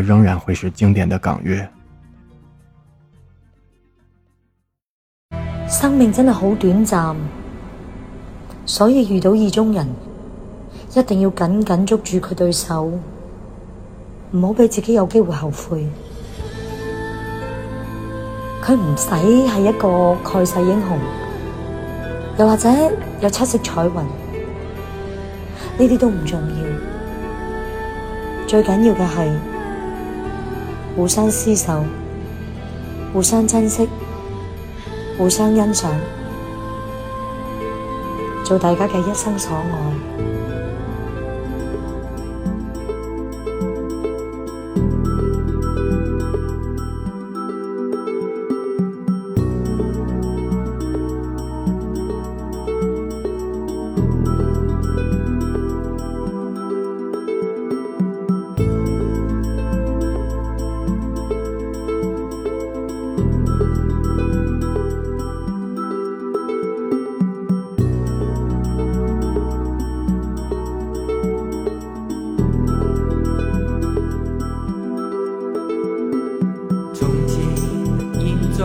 仍然會是經典的港樂。生命真係好短暫，所以遇到意中人，一定要緊緊捉住佢對手，唔好俾自己有機會後悔。佢唔使係一個蓋世英雄，又或者有七色彩雲，呢啲都唔重要，最緊要嘅係。互相廝守，互相珍惜，互相欣賞，做大家嘅一生所愛。